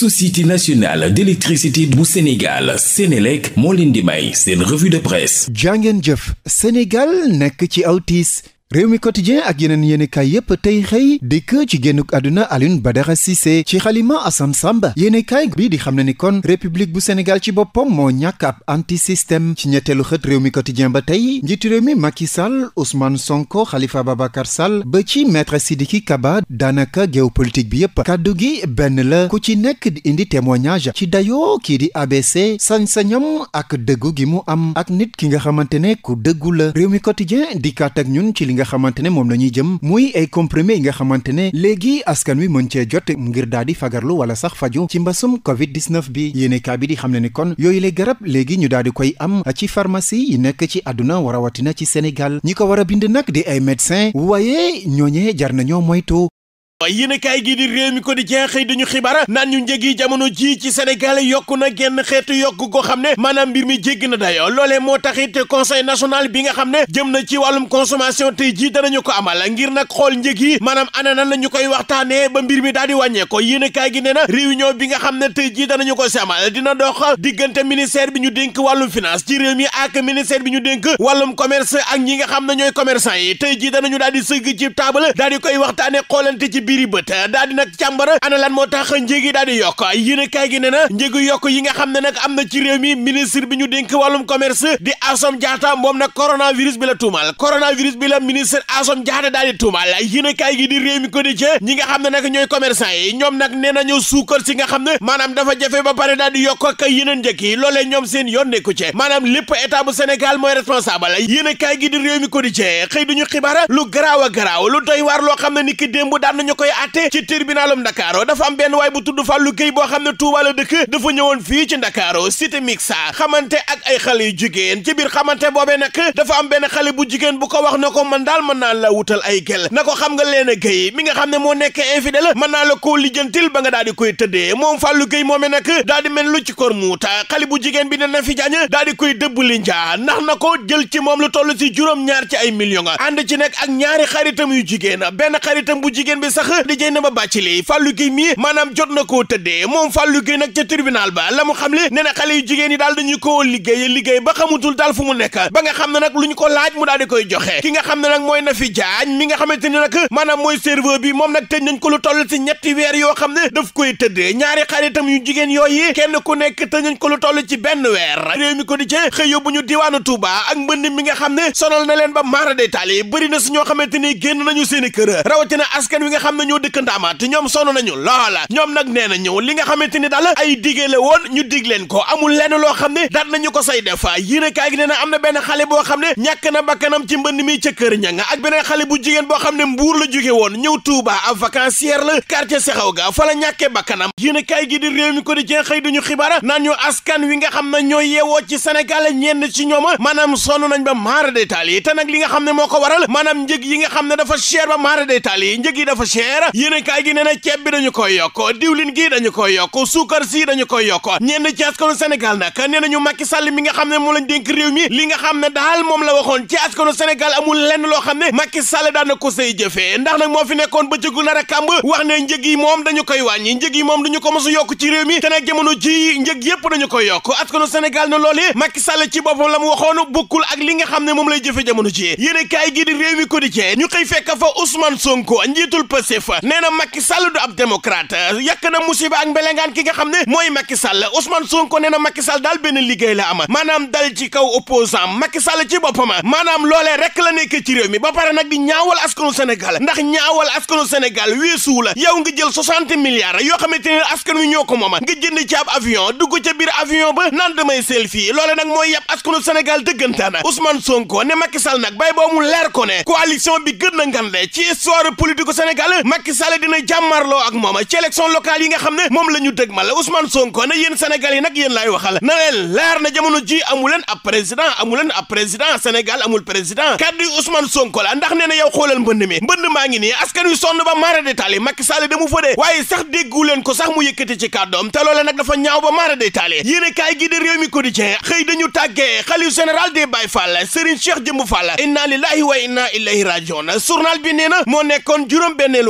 société nationale d'électricité bu Sénégal Sénélec moo leen di may seen revue de presse jàngeen jëf Sénégal nekk ci aw tiis réew mi quotidien ak yeneen yéenekaay yépp tey xëy dikk ci génnuk àdduna Alioune Badara Cissé ci xalima Assane Samba yéenekaay bii di xam ne ni kon république bu Sénégal ci boppam moo ñàkk ab antisystème ci ñetteelu xët réew mi quotidien ba tey njiitu réew mi Macky Sall Ousmane Sonko xalifa Babacar Sall ba ci maître Sidiki Kaba daanaka géopolitique bi yépp kàddu gi benn la ku ci nekk di indi témoignage ci dayoo kii di ABC sañ-sañam ak dëggu gi mu am ak nit ki nga xamante ne dëggu la réew mi quotidien dikkaat ak ñun ci nga xamante ne moom la ñuy jëm muy ay comprimés yi nga xamante ne léegi askan wi mën cee jot ngir daal di fagarlu wala sax faju ci mbasum covid 19 bi yéenekaay bi di xam ne ni kon yooyu le garab léegi ñu daal di koy am ci pharmacie yi nekk ci adduna àdduna warawatina ci Sénégal ñi ko war a bind nag di ay médecin waaye ñooñee jar nañoo moytu yéen a kaay gii di réew mi ko di jeexee dañu xibaar naan ñu njëg yi jamono ji ci Sénégal yokk na genn xeetu yokk goo xam ne maanaam mbir mi jéggi na dayoo loolee moo taxit conseil national bi nga xam ne jëm na ci wàllum consommation tey jii danañu ko amal ngir nag xool njëg yi maanaam ana nan la ñu koy waxtaanee ba mbir mi daal di wàññeeko yéen a gi nee na réunion bi nga xam ne tey jii danañu ko samal dina dox diggante ministère bi ñu denk wàllum finance ci réew mi ak ministère bi ñu dénk wàllum commerce ak ñi nga xam ne ñooy commerçant yi tey jii danañu daal di sëgg ci table koy waxtaane xoolante ci biiri bët daa di nag càmbara ana lan moo tax njéegi daa yokk yéen a kaay gi ne njéegi yokk yi xam ne nag am na ci réew mi ministre bi ñu dénk wàllum commerce di Assome Diatta moom nag coronavirus bi la tuumal coronavirus bi la ministre Assome Diatta daa tuumal yéen a kaay gi di réew mi ko di cee ñi nga xam ne nag ñooy commerçant yi ñoom nag nee nañu suukar si nga xam ne maanaam dafa jafe ba pare daa yokk ak yeneen njëkk yi loolee ñoom seen koy atte ci tribunalum Ndakaaru dafa am benn waay bu tudd Fallou Gueye boo xam ne Touba dëkk dafa ñëwoon fii ci Ndakaaru cité mixa xamante ak ay xale yu jigéen ci biir xamante be nag dafa am benn xale bu jigéen bu ko wax na ko man daal mën naa la wutal ay gel na ko xam nga leen a Gueye mi nga xam ne moo nekk infidèle mën naa la ko lijjantil ba nga daal di koy tëddee moom Fallou Gueye moomee nag daal di mel lu ci kor muuta xale bu jigéen bi ne na fi jaañ daal di koy dëbb li njaa na ko jël ci moom lu toll ci juróom ñaar ci ay millions ànd ci nag ak ñaari xaritam yu jigéen benn xaritam bu jigéen bi sax sax di jëy ba bàcci li Fallou Guèye mi maanaam jot na koo tëddee moom Fallou Guèye nag ca tribunal ba la mu xam le nee na xale yu jigéen yi daal dañu ko liggéey liggéey ba xamutul daal fu mu nekk ba nga xam ne nag lu ñu ko laaj mu daal di koy joxe ki nga xam ne nag mooy na fi jaañ mi nga xamante ni nag maanaam mooy serveur bi moom nag tëj nañ ko lu toll ci ñetti weer yoo xam ne daf koy tëdde ñaari xaritam yu jigéen yooy yooyu kenn ku nekk tëj nañ ko lu toll ci benn weer réew mi ko di cee xëy yóbbu ñu diwaanu Touba ak mbënd mi nga xam ne sonal na leen ba maara day taali bëri na su ñoo xamante ni génn nañu seen i kër rawatina askan wi nga xam ne ñoo dëkk te ñoom sonn nañu loola ñoom nag nee na ñëw li nga xamante ni daal ay diggee la woon ñu dig leen ko amul lenn loo xam ne daat nañu ko say def yéene kaay gi nee na am na benn xale boo xam ne ñàkk na bakkanam ci mbënd mi ca kër ñanga ak beneen xale bu jigéen boo xam ne mbuur la jóge woon ñëw Tuuba la quartier Sexaw ga fa ñàkkee bakkanam yéene kaay gi di réew mi xëy duñu xibaar naan ñu askan wi nga xam ne ñoo yeewoo ci Sénégal ñenn ci ñoom maanaam sonn nañ ba maara détaal yi te nag li nga xam ne moo ko waral maanaam njëg yi ne dafa cher ba maara détaal yi njëg yi dafa cher alimentaire yéenekaay gi nee na ceeb bi dañu koy yokk diwlin gi dañu ko yokk suukar sii dañu koy yokk ñenn ci askanu Sénégal nag nee ñu Macky Sall mi nga xam ne moo lañ dénk réew mi li nga xam ne daal moom la waxoon ci askanu Sénégal amul lenn loo xam ne Macky Sall daan na ko say jëfee ndax nag moo fi nekkoon ba jëgu nar a kàmb wax ne njëg yi moom dañu koy wàññi njëg yi moom dañu ko mosu yokk ci réew mi te nag jamono ji njëg yépp dañu koy yokk askanu Sénégal ne loolee Macky Sall ci boppam la mu waxoon bokkul ak li nga xam ne moom lay jëfe jamono ji yéene kaay gi di réew mi ñu xëy fekk fa Ousmane Sonko njiitul pës Pastef nee na Macky Sall du ab démocrate yàq na musiba ak mbelengaan ki nga xam ne mooy Macky Sall Ousmane Sonko nee na Macky Sall daal benn liggéey la am maanaam dal ci kaw opposant Macky Sall ci boppam maanaam loolee rek la nekkee ci réew mi ba pare nag bi ñaawal askanu Sénégal ndax ñaawal askanu Sénégal weesuwu la yow nga jël soixante milliards yoo xamante ne askan wi ñoo ko moom nga jënd ci ab avion dugg ca biir avion ba naan damay selfie loole nag mooy yàpp askanu Sénégal dëggantaana Ousmane Sonko ne Macky Sall nag bay boo mu leer ko ne coalition bi gën a ngande ci histoire politique Sénégal Macky Sall dina jàmmarloo ak moom ci élection yi nga xam ne moom la ñu dëg ma la Ousmane Sonko na yéen Sénégal yi nag yéen laay waxal na leen leer na jamono ji amuleen ab président amuleen a président Sénégal amul président kaddu yi Ousmane Sonko la ndax nee na yow xoolal mbënd mi mbënd maa ngi nii askan wi sonn ba maara détaali Macky Sall damu fa dee waaye sax déggu leen ko sax mu yëkkati ci kàddoom te loole nag dafa ñaaw ba maara détaali yéen kaay gi di réew mi quotidien xëy dañu tàggee xalif général des Baye Fall Serigne Cheikh Jëmb Fall inna lillahi wa inna ilayhi rajiun journal bi nee na moo nekkoon juróom benneelu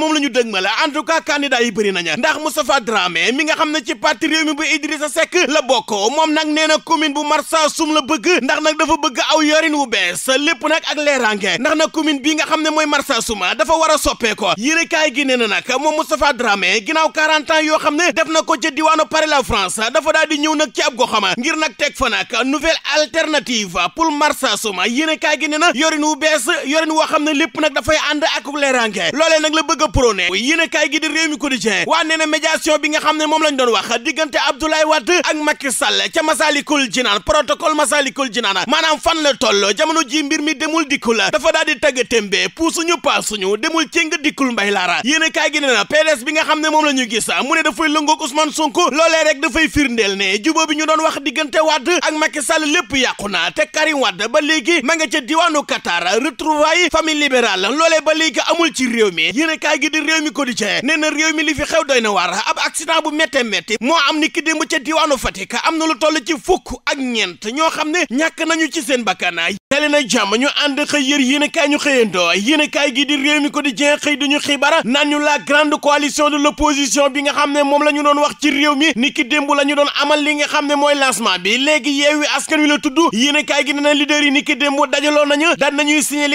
moom la ñu dëgmal en tout cas candidat yi bëri nañu ndax Moustapha Dramé mi nga xam ne ci parti Rewmi bu a Seck la bokk moom nag nee na commune bu Marsassoum la bëgg ndax nag dafa bëgg aw yorin wu bees lépp nag ak leeraange ndax nag commune bii nga xam ne mooy Marsassoum dafa war a soppee ko yéene kaay gi nee na nag moom Moustapha Dramé ginnaaw 40 yoo xam ne def na ko ca diwaanu Paris la France dafa daal di ñëw nag ci ab goxam ngir nag teg fa nag nouvelle alternative pour Marsassoum yéene kaay gi nee na yorin wu bees yorin woo xam ne lépp nag dafay ànd ak leeraange loolee nag la bëgg prôné ne a kaay gi di réew mi quotidien waa nee na médiation bi nga xam ne moom lañ doon wax diggante Abdoulaye Wade ak Macky Sall ca Masalikul Jinaan protocole Masalikul Jinaan maanaam fan la toll jamono ji mbir mi demul dikkul dafa daal di tagg ñu puusuñu paasuñu demul cëng dikkul mbay laara yéen a kaay gi nee na PDS bi nga xam ne moom la ñu gis mu ne dafay lëngoog Ousmane Sonko loolee rek dafay firndeel ne jubóo bi ñu doon wax diggante Wade ak Macky Sall yàqu na te Karim Wade ba léegi ma nga ca diwaanu Qatar retrouvailles famille libérale loolee ba léegi amul ci réew mi gi di réew mi quotidien nee na réew mi li fi xew doy na waar ab accident bu méttee métti moo am ni démb ca diwaanu Fatick am na lu toll ci fukk ak ñeent ñoo xam ne ñàkk nañu ci seen bakkaanaay dali na jàmm ñu ànd xëy yër yéen kaay ñu xëyandoo yéen kaay gi di réew mi quotidien xëy duñu xibaar naan la grande coalition de l'opposition bi nga xam ne moom la ñu doon wax ci réew mi ni démb la ñu doon amal li nga xam ne mooy lancement bi léegi yeewi askan wi l tudd yéen kaay na leader yi li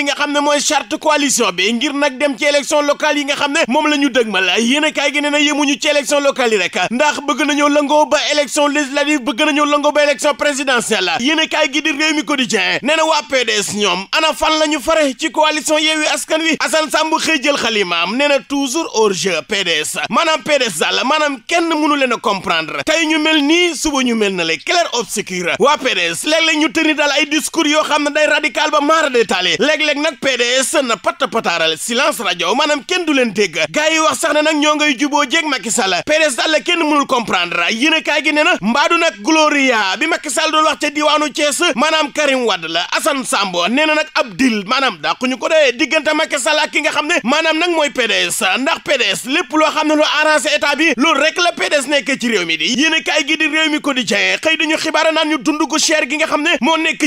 nga xam ne mooy charte coalition bi ngir nag dem ci élection locale yi nga xam ne moom la ñu dëgmal yéen a kaay gi nee na yemuñu ci élection locale yi rek ndax bëgg nañoo langoo ba élection législative bëgg nañoo langoo ba élection présidentielle yéen a kaay gi di réew mi quotidien nee na waa PDS ñoom ana fan la ñu fare ci coalition Yewwi Askan Wi Assane Samb xëy jël xalimaam nee na toujours hors jeu PDS maanaam PDS maanaam kenn mënu leen a comprendre ñu mel nii suba ñu mel na le clair obscur waa PDS léeg-léeg ñu tëni daal ay discours yoo xam ne day radical ba maara détaillé léeg-léeg nag PDS na patta pataaral silence maanaam kenn du leen leen dégg gars yi wax sax ne nag ñoo ngay juboo jéeg Macky Sall Pérez la kenn mënul comprendre yéen a kaay gi ne nag Gloria bi Macky Sall doon ca diwaanu Thiès maanaam Karim Wade la Assane Sambo nee nag ab dil maanaam dàquñu ko dee diggante Macky ak ki nga xam ne maanaam nag mooy PDS ndax PDS lépp loo xam ne lu arrangé état bi rek la PDS nekk ci réew mi di yéen a kaay gi di réew mi quotidien xëy dañu xibaar naan ñu dund gu gi nga xam ne moo nekk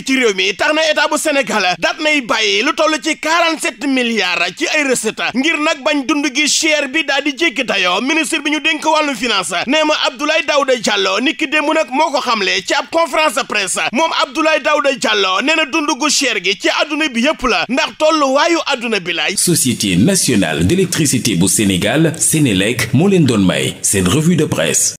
njëriñ dund gi cher bi daal di jékki tayoo ministre bi ñu dénk wàllu finance nee ma Abdoulaye Daouda Diallo niki démb nag moo ko xamle ci ab conférence de presse moom Abdoulaye Daouda Diallo nee na dund gu cher gi ci adduna bi yëpp la ndax tolluwaayu adduna bi laay. Société nationale d'électricité bu Sénégal Sénélec moo leen doon may seen revue de presse.